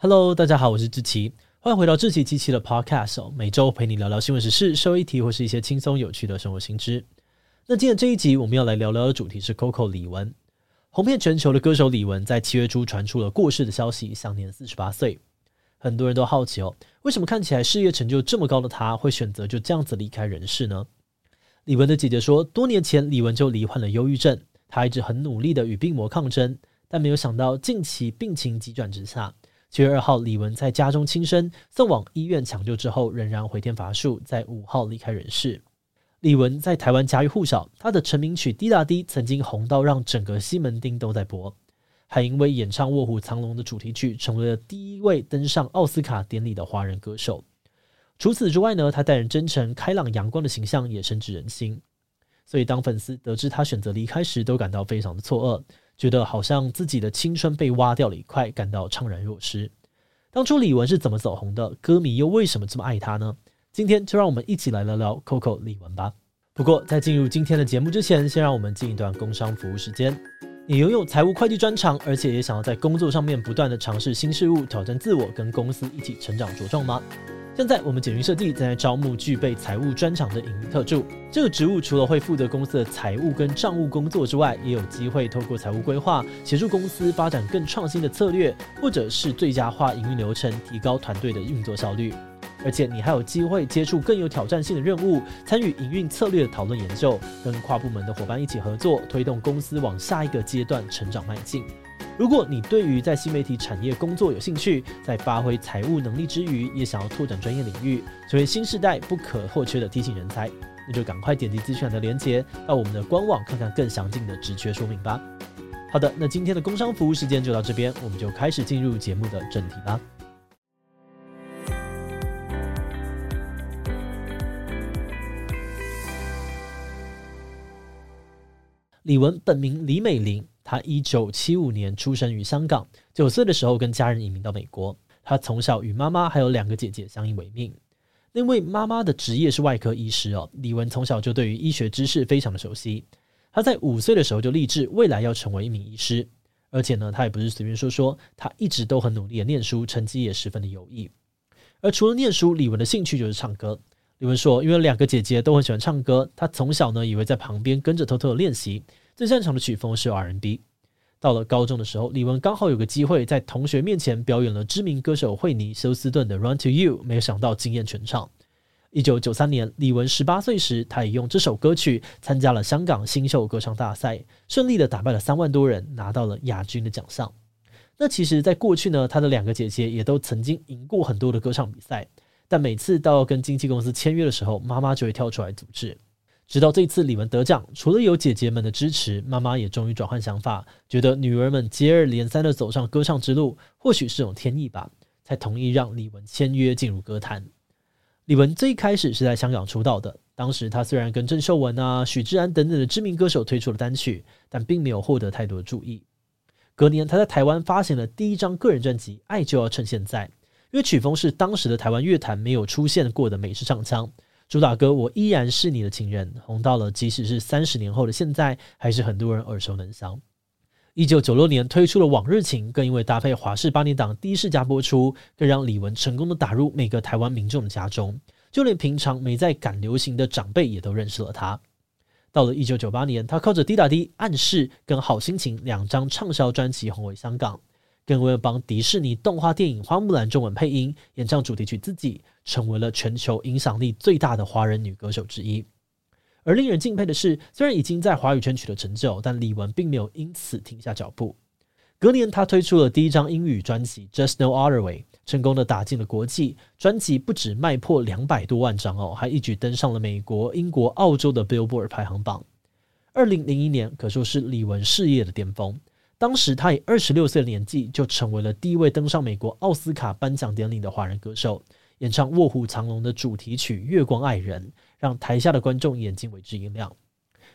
Hello，大家好，我是志祺，歡迎回到志祺七七的 Podcast，每周陪你聊聊新聞時事、社會議題或是一些輕鬆有趣的生活新知。那今天這一集我們要來聊聊的主題是 Coco 李玟，紅遍全球的歌手李玟，在七月初傳出了過世的消息，享年四十八歲。很多人都好奇哦，為什麼看起來事業成就這麼高的她，會選擇就這樣子離開人世呢？李玟的姐姐說，多年前李玟就罹患了憂鬱症，她一直很努力的與病魔抗爭，但沒有想到近期病情急轉直下。七月二號，李玟在家中輕生，送往醫院搶救之後，仍然回天乏術，在五號離開人世。李玟在台灣家喻戶曉，她的成名曲《滴答滴》曾經紅到讓整個西門町都在播，還因為演唱《臥虎藏龍》的主題曲，成為了第一位登上奧斯卡典禮的華人歌手。除此之外呢，他待人真誠、開朗、陽光的形象也深植人心。所以，當粉絲得知他選擇離開時，都感到非常的錯愕。覺得好像自己的青春被挖掉了一塊，感到悵然若失。當初李玟是怎麼走紅的？歌迷又為什麼這麼愛她呢？今天就讓我們一起來聊聊 Coco 李玟吧。不過在進入今天的節目之前，先讓我們進一段工商服務時間。你擁有財務會計專長，而且也想要在工作上面不斷的嘗試新事物，挑戰自我，跟公司一起成長茁壯嗎？現在，我們簡訊設計正在招募具備財務專長的營運特助。這個職務除了會負責公司的財務跟賬務工作之外，也有機會透過財務規劃，協助公司發展更創新的策略，或者是最佳化營運流程，提高團隊的運作效率。而且，你還有機會接觸更有挑戰性的任務，參與營運策略的討論研究，跟跨部門的夥伴一起合作，推動公司往下一個階段成長邁進。如果你對於在新媒體產業工作有興趣，在發揮財務能力之餘，也想要拓展專業領域，成為新時代不可或缺的貼心人才，那就趕快點擊資訊欄的連結，到我們的官網看看更詳盡的職缺說明吧。好的，那今天的工商服務時間就到這邊，我們就開始進入節目的正題吧。李玟，本名李美玲。他一九七五年出生於香港，九歲的時候跟家人移民到美國。他從小與媽媽還有兩個姐姐相依為命。因為媽媽的職業是外科醫師哦，李玟從小就對於醫學知識非常的熟悉。他在五歲的時候就立志未來要成為一名醫師，而且呢，他也不是隨便說說，他一直都很努力的念書，成績也十分的優異。而除了念書，李玟的興趣就是唱歌。李玟說，因為兩個姐姐都很喜歡唱歌，他從小呢，以為在旁邊跟着偷偷的練習。最擅長的曲風是 R&B。到了高中的時候，李玟剛好有個機會，在同學面前表演了知名歌手惠妮休斯頓的《Run to You》，沒想到驚豔全場。一九九三年，李玟十八歲時，她也用這首歌曲參加了香港新秀歌唱大賽，順利的打敗了三萬多人，拿到了亞軍的獎項。那其實，在過去呢，她的兩個姐姐也都曾經贏過很多的歌唱比賽，但每次到跟經紀公司簽約的時候，媽媽就會跳出來阻止。直到這次李玟得獎，除了有姐姐們的支持，媽媽也終於轉換想法，覺得女兒們接二連三的走上歌唱之路，或許是種天意吧，才同意讓李玟簽約進入歌壇。李玟最開始是在香港出道的，當時她雖然跟鄭秀文啊、許志安等等的知名歌手推出了單曲，但並沒有獲得太多的注意。隔年，她在台灣發行了第一張個人專輯《愛就要趁現在》，因為曲風是當時的台灣樂壇沒有出現過的美式唱腔。主打歌《我依然是你的情人》紅到了，即使是三十年後的現在，還是很多人耳熟能詳。一九九六年推出了《往日情》，更因為搭配華視八點檔《第一世家》播出，更讓李玟成功的打入每個台灣民眾的家中。就連平常沒在趕流行的長輩也都認識了他。到了一九九八年，他靠着《滴答滴暗示》跟《好心情》兩張暢銷專輯紅回香港。更為了幫迪士尼動畫電影《花木蘭》中文配音，演唱主題曲，自己成為了全球影響力最大的華人女歌手之一。而令人敬佩的是，雖然已經在華語圈取得成就，但李玟並沒有因此停下腳步。隔年，她推出了第一張英語專輯《Just No Other Way》，成功的打進了國際。專輯不止賣破兩百多萬張哦，還一舉登上了美國、英國、澳洲的 Billboard 排行榜。二零零一年，可說是李玟事業的巔峰。當時她以二十六歲的年紀就成為了第一位登上美國奧斯卡頒獎典禮的華人歌手，演唱《臥虎藏龍》的主題曲《月光愛人》，讓台下的觀眾眼睛為之一亮。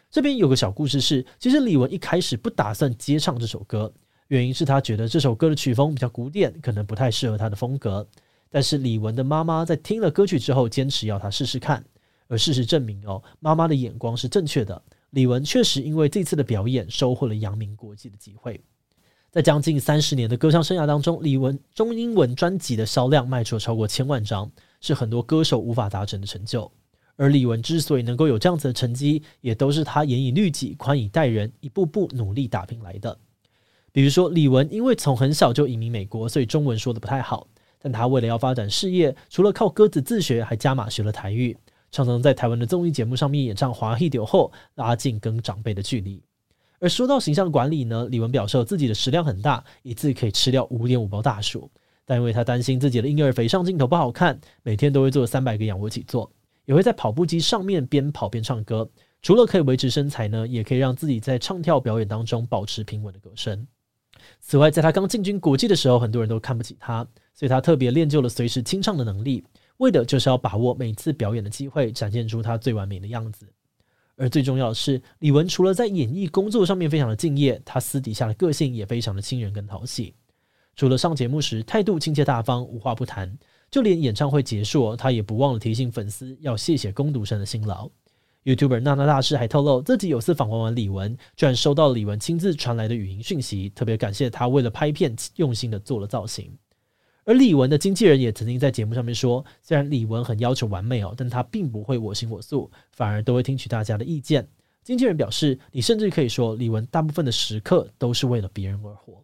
這邊有個小故事是，其實李玟一開始不打算接唱這首歌，原因是她覺得這首歌的曲風比較古典，可能不太適合她的風格。但是李玟的媽媽在聽了歌曲之後，堅持要她試試看。而事實證明哦，媽媽的眼光是正確的。李玟確實因為這次的表演收穫了揚名國際的機會。在將近三十年的歌唱生涯當中，李玟中英文專輯的銷量賣出了超過千萬張，是很多歌手無法達成的成就。而李玟之所以能夠有這樣子的成績，也都是他嚴以律己、寬以待人，一步步努力打拼來的。比如說，李玟因為從很小就移民美國，所以中文說得不太好，但他為了要發展事業，除了靠歌詞自學，還加碼學了台語。常常在台灣的綜藝節目上面演唱華語流後，拉近跟長輩的距離。而說到形象管理呢，李玟表示自己的食量很大，一次可以吃掉五點五包大薯。但因為她擔心自己的嬰兒肥上鏡頭不好看，每天都會做三百個仰臥起坐，也會在跑步機上面邊跑邊唱歌。除了可以維持身材呢，也可以讓自己在唱跳表演當中保持平穩的歌聲。此外，在她剛進軍國際的時候，很多人都看不起她，所以她特別練就了隨時清唱的能力。為的就是要把握每次表演的機會，展現出他最完美的樣子。而最重要的是，李玟除了在演藝工作上面非常的敬業，他私底下的個性也非常的親人跟討喜。除了上節目時態度親切大方，無話不談，就連演唱會結束，他也不忘了提醒粉絲要謝謝工讀生的辛勞。YouTuber 娜娜大師還透露，自己有次訪問完李玟，居然收到了李玟親自傳來的語音訊息，特別感謝他為了拍片用心的做了造型。而李玟的經紀人也曾經在節目上面說，雖然李玟很要求完美哦，但他並不會我行我素，反而都會聽取大家的意見。經紀人表示，你甚至可以說李玟大部分的時刻都是為了別人而活。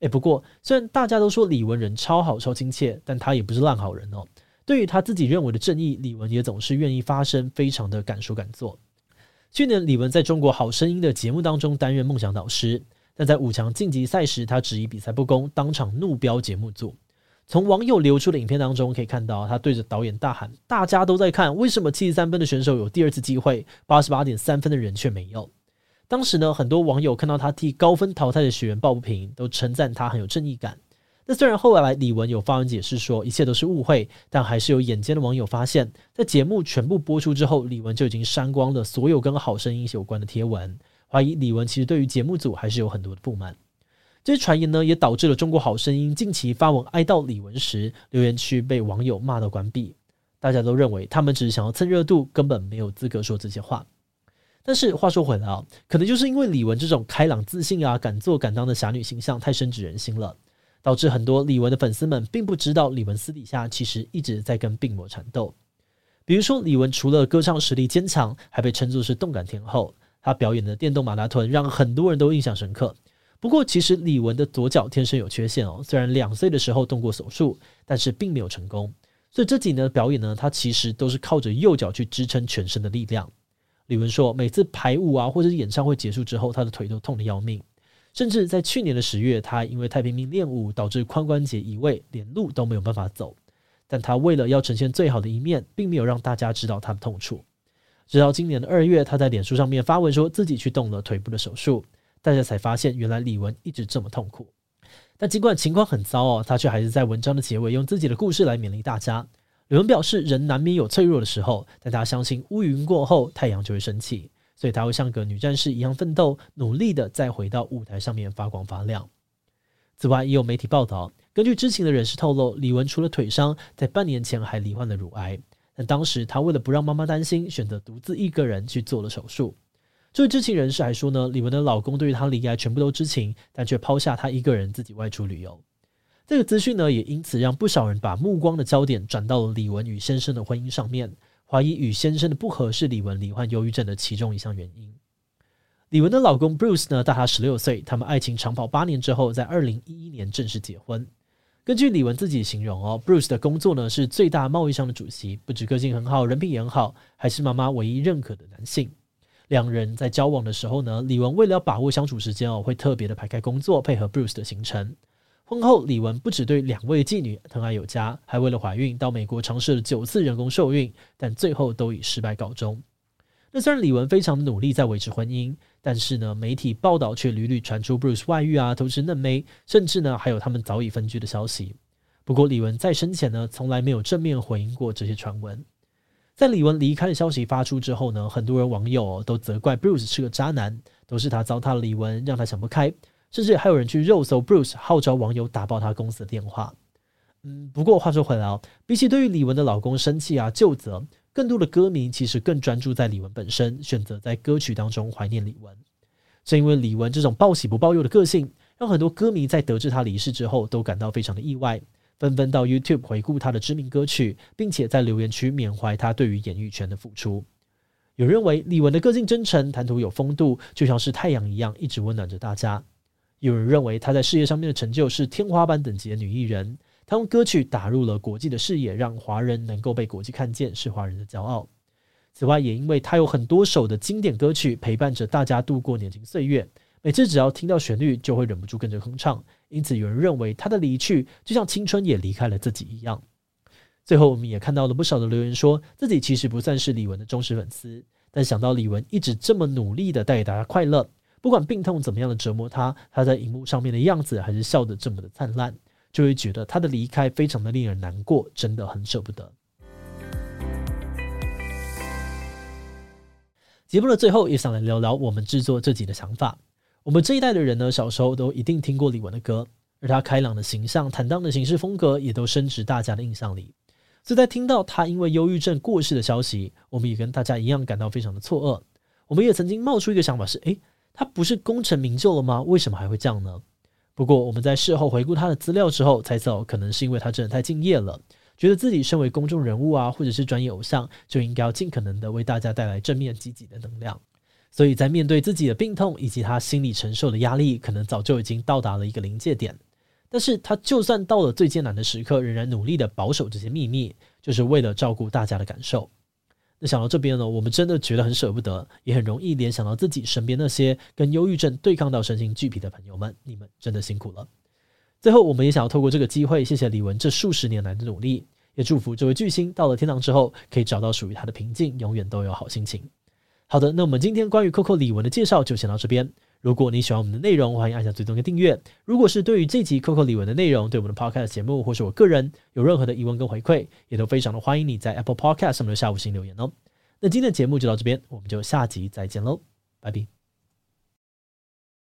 誒，不過雖然大家都說李玟人超好超親切，但他也不是爛好人哦。對於他自己認為的正義，李玟也總是願意發聲，非常的敢說敢做。去年李玟在中國好聲音的節目當中擔任夢想導師，但在五強晉級賽時，他質疑比賽不公，當場怒飆節目組。從網友流出的影片當中可以看到，他對着導演大喊：“大家都在看，為什麼七十三分的選手有第二次機會，八十八點三分的人卻沒有？”當時呢，很多網友看到他替高分淘汰的學員抱不平，都稱讚他很有正義感。那雖然後來李玟有發文解釋說一切都是誤會，但還是有眼尖的網友發現，在節目全部播出之後，李玟就已經刪光了所有跟《好聲音》有關的貼文，懷疑李玟其實對於節目組還是有很多的不滿。這些傳言呢，也導致了《中國好聲音》近期發文哀悼李玟時，留言區被網友罵到關閉。大家都認為他們只是想要蹭熱度，根本沒有資格說這些話。但是話說回來啊、哦，可能就是因為李玟這種開朗、自信啊、敢作敢當的俠女形象太深植人心了，導致很多李玟的粉絲們並不知道李玟私底下其實一直在跟病魔纏鬥。比如說，李玟除了歌唱實力堅強，還被稱作是動感天後，她表演的電動馬達臀讓很多人都印象深刻。不過，其實李玟的左腳天生有缺陷哦。雖然兩歲的時候動過手術，但是並沒有成功。所以這幾年的表演呢，他其實都是靠着右腳去支撐全身的力量。李玟說，每次排舞啊，或者演唱會結束之後，他的腿都痛得要命。甚至在去年的十月，他因為太拼命練舞，導致髖關節移位，連路都沒有辦法走。但他為了要呈現最好的一面，並沒有讓大家知道他的痛處。直到今年的二月，他在臉書上面發文說自己去動了腿部的手術。大家才發現，原來李玟一直這麼痛苦。但儘管情況很糟哦，他卻還是在文章的結尾用自己的故事來勉勵大家。李玟表示，人難免有脆弱的時候，但他相信烏雲過後太陽就會升起，所以他會像個女戰士一樣奮鬥，努力地再回到舞台上面發光發亮。此外，也有媒體報道，根據知情的人士透露，李玟除了腿傷，在半年前還罹患了乳癌，但當時他為了不讓媽媽擔心，選擇獨自一個人去做了手術。作為知情人士來說呢，李玟的老公對於她離開全部都知情，但卻拋下她一個人自己外出旅遊。這個資訊呢，也因此讓不少人把目光的焦點轉到了李玟與先生的婚姻上面，懷疑與先生的不合是李玟罹患憂鬱症的其中一項原因。李玟的老公 Bruce 呢，大她十六歲，他們愛情長跑八年之後，在二零一一年正式結婚。根據李玟自己形容哦，Bruce 的工作呢，是最大貿易商的主席，不止個性很好，人品也很好，還是媽媽唯一認可的男性。兩人在交往的時候呢，李玟為了要把握相處時間哦，會特別的排開工作，配合 Bruce 的行程。婚後，李玟不只對兩位繼女疼愛有加，還為了懷孕到美國嘗試了九次人工受孕，但最後都以失敗告終。那雖然李玟非常努力在維持婚姻，但是呢，媒體報道卻屢屢，屢傳出 Bruce 外遇啊，偷吃嫩妹，甚至呢還有他們早已分居的消息。不過，李玟在生前呢，從來沒有正面回應過這些傳聞。在李玟離開的消息發出之後呢，很多人網友都責怪 Bruce 是個渣男，都是他糟蹋了李玟，讓他想不開，甚至還有人去肉搜 Bruce，號召網友打爆他公司的電話。嗯，不過話說回來哦，比起對於李玟的老公生氣啊、究責，更多的歌迷其實更專注在李玟本身，選擇在歌曲當中懷念李玟。正因為李玟這種報喜不報憂的個性，讓很多歌迷在得知她離世之後都感到非常的意外。紛紛到 YouTube 回顧她的知名歌曲，並且在留言區緬懷她對於演藝圈的付出。有人認為李玟的個性真誠、談吐有風度，就像是太陽一樣，一直溫暖着大家。有人認為她在事業上面的成就是天花板等級的女藝人，她用歌曲打入了國際的視野，讓華人能夠被國際看見，是華人的驕傲。此外，也因為她有很多首的經典歌曲陪伴着大家度過年輕歲月，每次只要聽到旋律，就會忍不住跟着哼唱。因此，有人認為他的離去就像青春也離開了自己一樣。最後，我們也看到了不少的留言說，說自己其實不算是李玟的忠實粉絲，但想到李玟一直這麼努力的帶給大家快樂，不管病痛怎麼樣的折磨他，他在熒幕上面的樣子還是笑得這麼的燦爛，就會覺得他的離開非常的令人難過，真的很舍不得。 節目的最後，也想來聊聊我們制作這集的想法。我們這一代的人呢，小時候都一定聽過李玟的歌，而她開朗的形象、坦蕩的行事風格，也都深植大家的印象裡。所以在聽到她因為憂鬱症過世的消息，我們也跟大家一樣感到非常的錯愕。我們也曾經冒出一個想法是：誒，他不是功成名就了嗎？為什麼還會這樣呢？不過我們在事後回顧他的資料之後，猜測可能是因為他真的太敬業了，覺得自己身為公眾人物啊，或者是專業偶像，就應該要盡可能的為大家帶來正面積極的能量。所以在面對自己的病痛以及他心理承受的壓力，可能早就已經到達了一個臨界點。但是他就算到了最艱難的時刻，仍然努力地保守這些秘密，就是為了照顧大家的感受。那想到這邊呢，我們真的覺得很舍不得，也很容易聯想到自己身邊那些跟憂鬱症對抗到身心俱疲的朋友們，你們真的辛苦了。最後，我們也想要透過這個機會，謝謝李玟這數十年來的努力，也祝福這位巨星到了天堂之後，可以找到屬於他的平靜，永遠都有好心情。好的，那我們今天關於 Coco 李玟的介紹就先到這邊。如果你喜歡我們的內容，歡迎按下最中的訂閱。如果是對於這集 Coco 李玟的內容，對我們的 Podcast 節目或是我個人有任何的疑問跟回饋，也都非常的歡迎你在 Apple Podcast 上面留下五星留言哦。那今天的節目就到這邊，我們就下集再見嘍，拜拜。